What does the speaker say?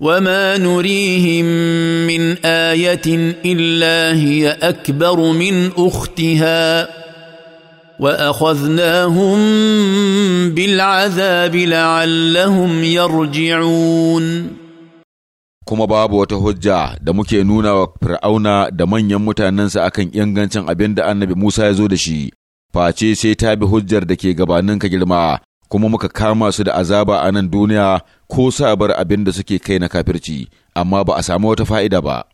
وما نريهم من ايه الا هي اكبر من اختها واخذناهم بالعذاب لعلهم يرجعون kuma babu wata hujja da muke nuna wa fir'auna da manyan mutanensa akan ingancin abin da annabi Musa ya zo da shi face sai ta bi hujjar da ke gabaninka girma kuma muka kama su da azaba a nan duniya ko sa bar abin da suke kai na kafirci amma ba a samu wata fa'ida ba.